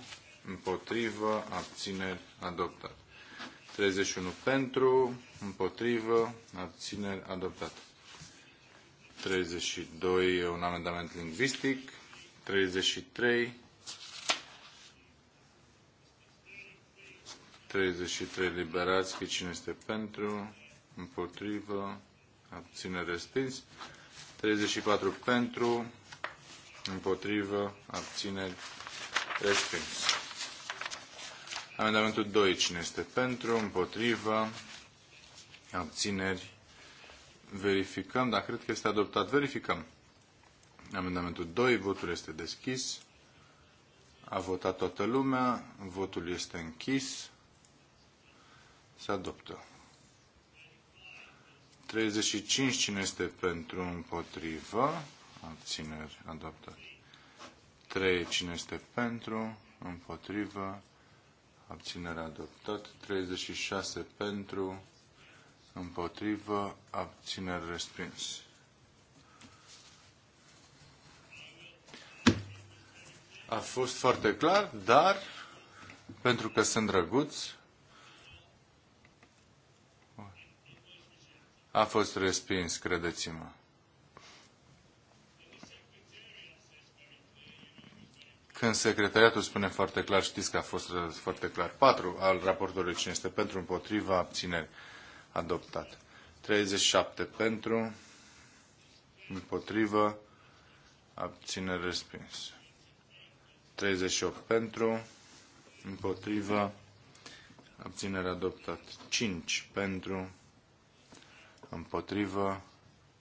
Împotrivă? Abțineri adoptat. 31 pentru, împotrivă, abțineri, adoptat. 32 un amendament lingvistic, 33 33 liberați, cât cine este pentru, împotrivă, abține respins. 34 pentru, împotrivă, abțineri, respins. Amendamentul 2, cine este pentru, împotrivă, abțineri, verificăm, dar cred că este adoptat, verificăm. Amendamentul 2, votul este deschis. A votat toată lumea, votul este închis. Se adoptă. 35. Cine este pentru? Împotrivă. Abțineri. Adoptat. 3. Cine este pentru? Împotrivă. Abținere adoptat. 36 pentru. Împotrivă. Abținere respins. A fost foarte clar, dar pentru că sunt drăguți, a fost respins, credeți-mă. Când secretariatul spune foarte clar, știți că a fost foarte clar, 4 al raportului cine este pentru, împotriva, abțineri, adoptat. 37 pentru, împotrivă, abțineri, respins. 38 pentru, împotrivă, abținere adoptat. 5 pentru, împotrivă,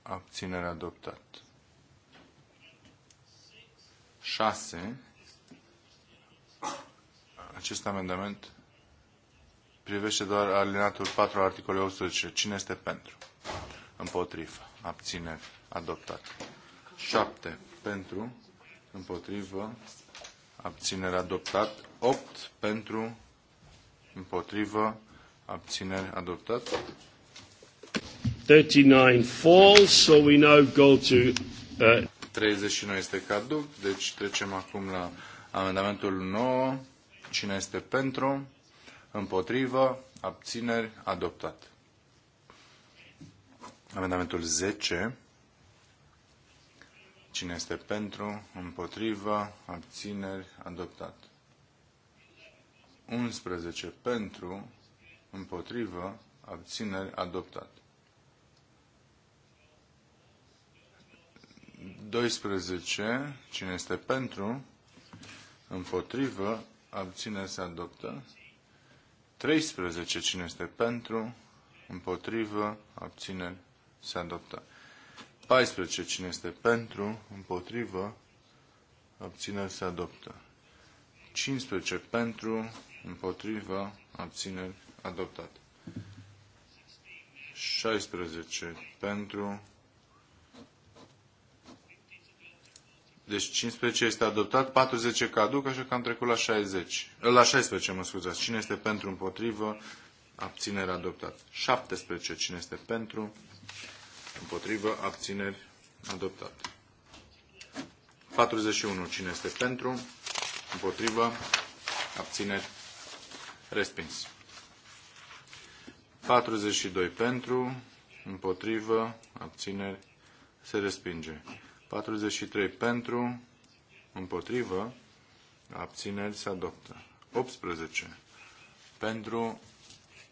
abținere adoptat. 6. Acest amendament privește doar alinatul 4 al articolului 18. Cine este pentru? Împotrivă. Abțineri. Adoptat. 7. Pentru. Împotrivă. Abținere. Adoptat. 8. Pentru. Împotrivă. Abțineri. Adoptat. 39 falls, so we now go to... Uh... 39 este caduc, deci trecem acum la amendamentul 9. Cine este pentru? Împotrivă? Abțineri? Adoptat. Amendamentul 10. Cine este pentru? Împotrivă? Abțineri? Adoptat. 11 pentru, împotrivă, abțineri, adoptat. 12. Cine este pentru? Împotrivă. Abține se adoptă. 13. Cine este pentru? Împotrivă. abține se adoptă. 14. Cine este pentru? Împotrivă. Abține? se adoptă. 15. Pentru. Împotrivă. abține adoptat. 16. Pentru Deci 15 este adoptat, 40 caduc, așa că am trecut la 60. La 16, mă scuzați. Cine este pentru, împotrivă, abținere adoptat. 17. Cine este pentru, împotrivă, abțineri adoptat. 41. Cine este pentru, împotrivă, abțineri respins. 42 pentru, împotrivă, abțineri, se respinge. 43 pentru, împotrivă, abțineri se adoptă. 18 pentru,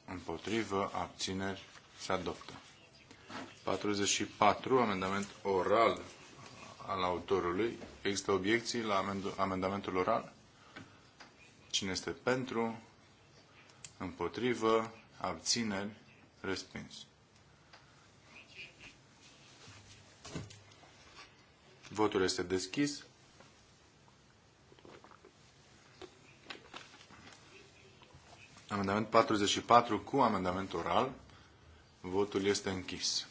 împotrivă, abțineri se adoptă. 44, amendament oral al autorului. Există obiecții la amendamentul oral? Cine este pentru, împotrivă, abțineri, respins. Votul este deschis. Amendament 44 cu amendament oral. Votul este închis.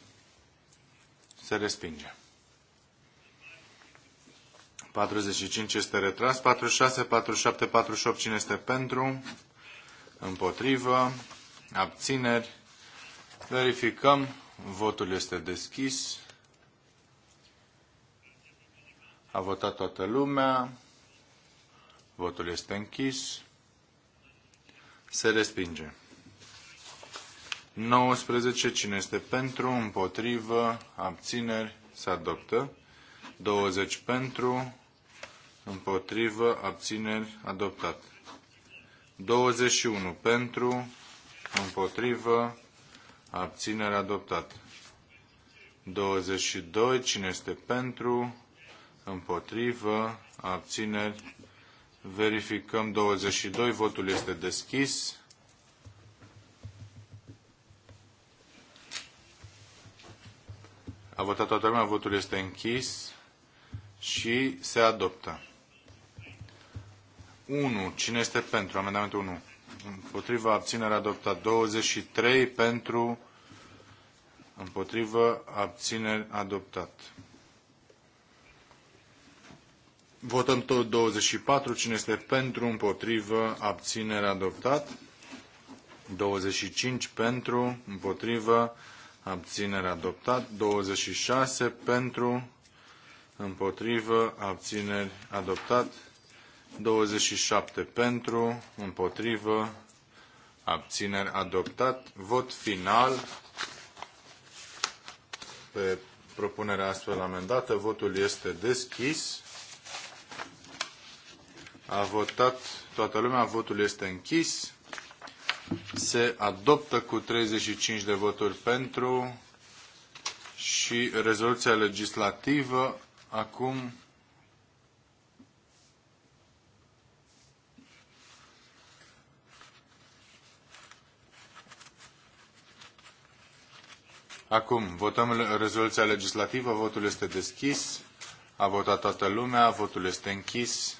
Se respinge. 45 este retras. 46, 47, 48. Cine este pentru? Împotrivă. Abțineri. Verificăm. Votul este deschis. A votat toată lumea. Votul este închis. Se respinge. 19. Cine este pentru, împotrivă, abțineri, se adoptă. 20 pentru, împotrivă, abțineri, adoptat. 21 pentru, împotrivă, abțineri, adoptat. 22, cine este pentru, împotrivă, abțineri, verificăm 22, votul este deschis. A votat toată lumea, votul este închis și se adoptă. 1. Cine este pentru? Amendamentul 1. Împotrivă abținere adoptat 23 pentru împotrivă abținere adoptat. Votăm tot 24. Cine este pentru, împotrivă, abținere, adoptat. 25 pentru, împotrivă, abținere, adoptat. 26 pentru, împotrivă, abțineri, adoptat. 27 pentru, împotrivă, abțineri, adoptat. Vot final pe propunerea astfel amendată. Votul este deschis. A votat toată lumea, votul este închis. Se adoptă cu 35 de voturi pentru și rezoluția legislativă acum Acum, votăm rezoluția legislativă, votul este deschis, a votat toată lumea, votul este închis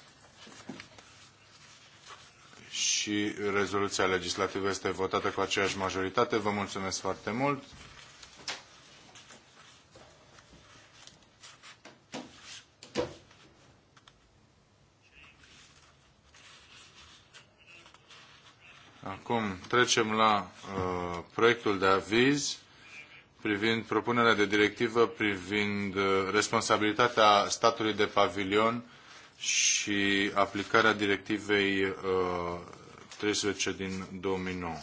și rezoluția legislativă este votată cu aceeași majoritate. Vă mulțumesc foarte mult. Acum trecem la uh, proiectul de aviz privind propunerea de directivă privind uh, responsabilitatea statului de pavilion și aplicarea directivei uh, 13 din 2009.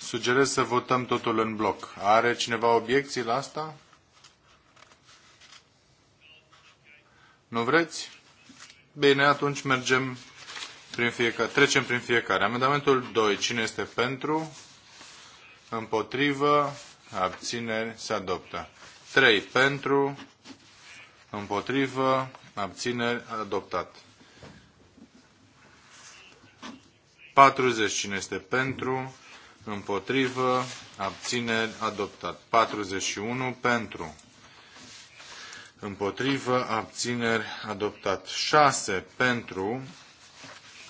Sugerez să votăm totul în bloc. Are cineva obiecții la asta? Nu vreți? Bine, atunci mergem prin fiecare, trecem prin fiecare. Amendamentul 2. Cine este pentru? Împotrivă? Abțineri? Se adoptă. 3. Pentru? Împotrivă? abțineri, adoptat. 40 cine este pentru, împotrivă, abțineri, adoptat. 41 pentru, împotrivă, abțineri, adoptat. 6 pentru,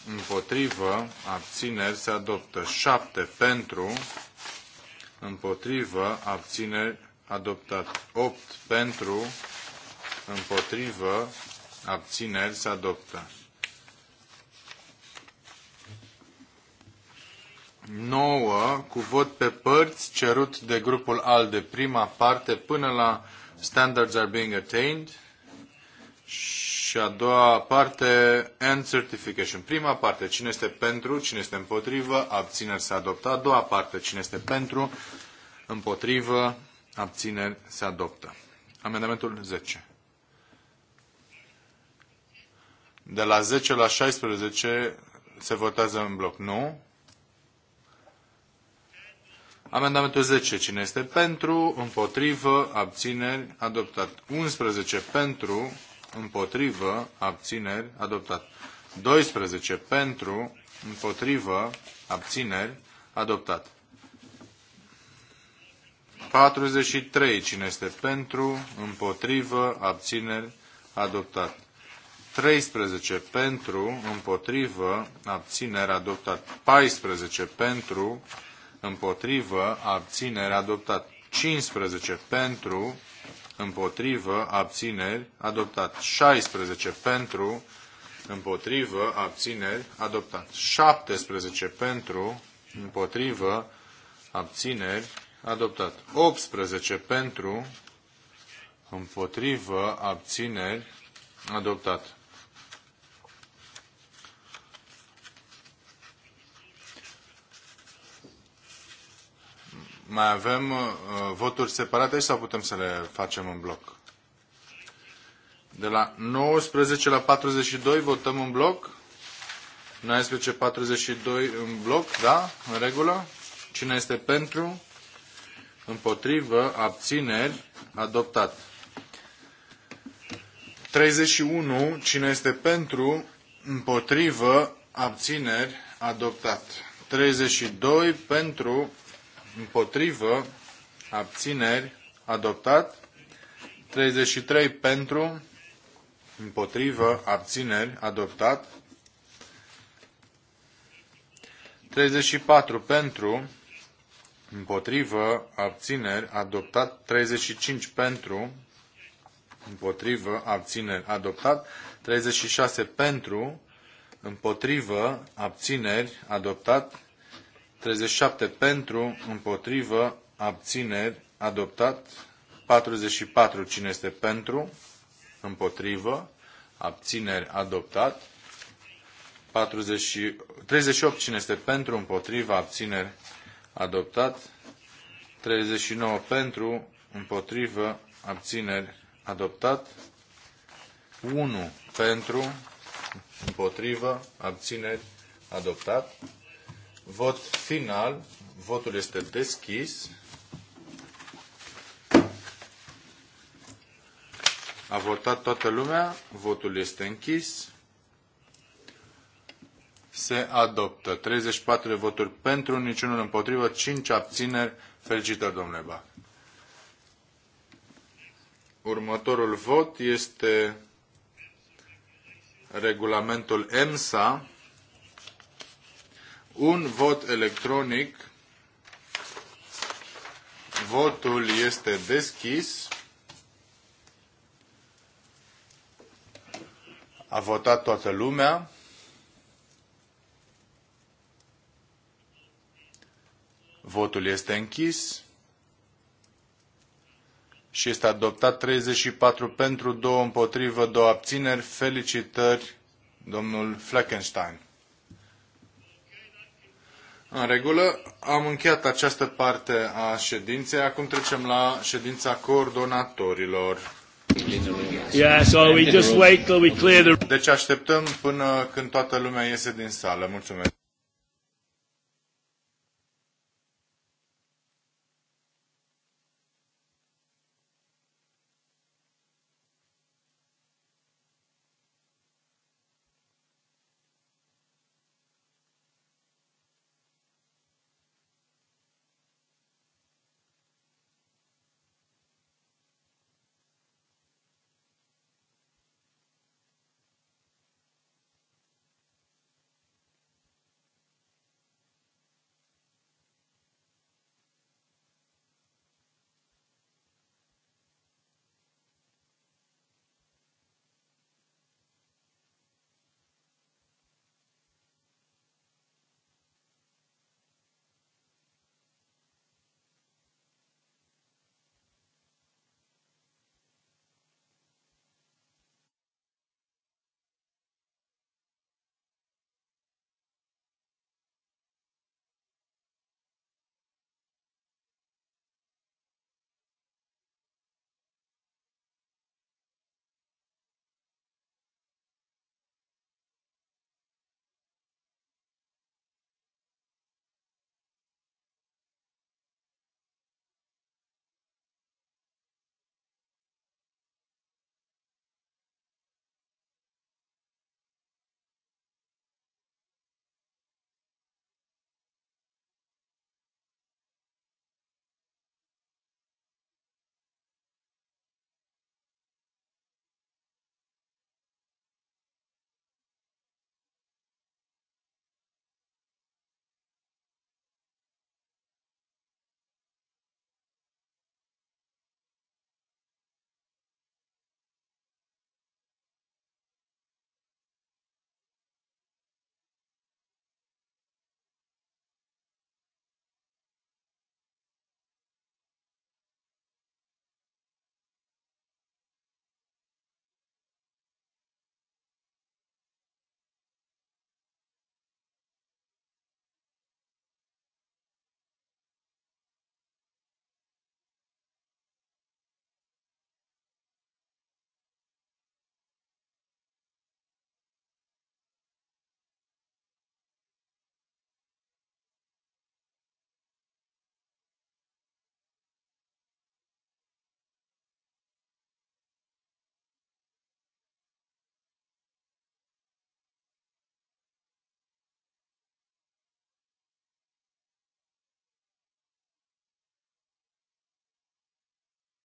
împotrivă, abțineri, se adoptă. 7 pentru, împotrivă, abțineri, adoptat. 8 pentru, împotrivă, abțineri, se adoptă. 9 cu vot pe părți cerut de grupul al de prima parte până la Standards are being attained și a doua parte and certification. Prima parte, cine este pentru, cine este împotrivă, abțineri se adoptă. A doua parte, cine este pentru, împotrivă, abțineri se adoptă. Amendamentul 10. De la 10 la 16 se votează în bloc. Nu. Amendamentul 10. Cine este pentru? Împotrivă? Abțineri? Adoptat. 11. Pentru? Împotrivă? Abțineri? Adoptat. 12. Pentru? Împotrivă? Abțineri? Adoptat. 43. Cine este pentru? Împotrivă? Abțineri? Adoptat. 13 pentru, împotrivă, abțineri adoptat 14 pentru, împotrivă, abțineri adoptat 15 pentru, împotrivă, abțineri adoptat 16 pentru, împotrivă, abțineri adoptat 17 pentru, împotrivă, abțineri adoptat 18 pentru, împotrivă, abțineri adoptat Mai avem uh, voturi separate sau putem să le facem în bloc? De la 19 la 42 votăm în bloc. 19, 42 în bloc, da? În regulă? Cine este pentru? Împotrivă? Abțineri? Adoptat. 31. Cine este pentru? Împotrivă? Abțineri? Adoptat. 32. Pentru? împotrivă, abțineri, adoptat. 33 pentru, împotrivă, abțineri, adoptat. 34 pentru, împotrivă, abțineri, adoptat. 35 pentru, împotrivă, abțineri, adoptat. 36 pentru, împotrivă, abțineri, adoptat. 37 pentru, împotrivă, abțineri, adoptat. 44 cine este pentru, împotrivă, abțineri, adoptat. 40, 38 cine este pentru, împotrivă, abțineri, adoptat. 39 pentru, împotrivă, abțineri, adoptat. 1 pentru, împotrivă, abțineri, adoptat. Vot final. Votul este deschis. A votat toată lumea. Votul este închis. Se adoptă. 34 de voturi pentru, niciunul împotrivă, 5 abțineri. Felicitări, domnule Bach. Următorul vot este regulamentul EMSA un vot electronic. Votul este deschis. A votat toată lumea. Votul este închis și este adoptat 34 pentru, 2 împotrivă, 2 abțineri. Felicitări, domnul Fleckenstein. În regulă, am încheiat această parte a ședinței. Acum trecem la ședința coordonatorilor. Yeah, so we just wait till we clear the... Deci așteptăm până când toată lumea iese din sală. Mulțumesc.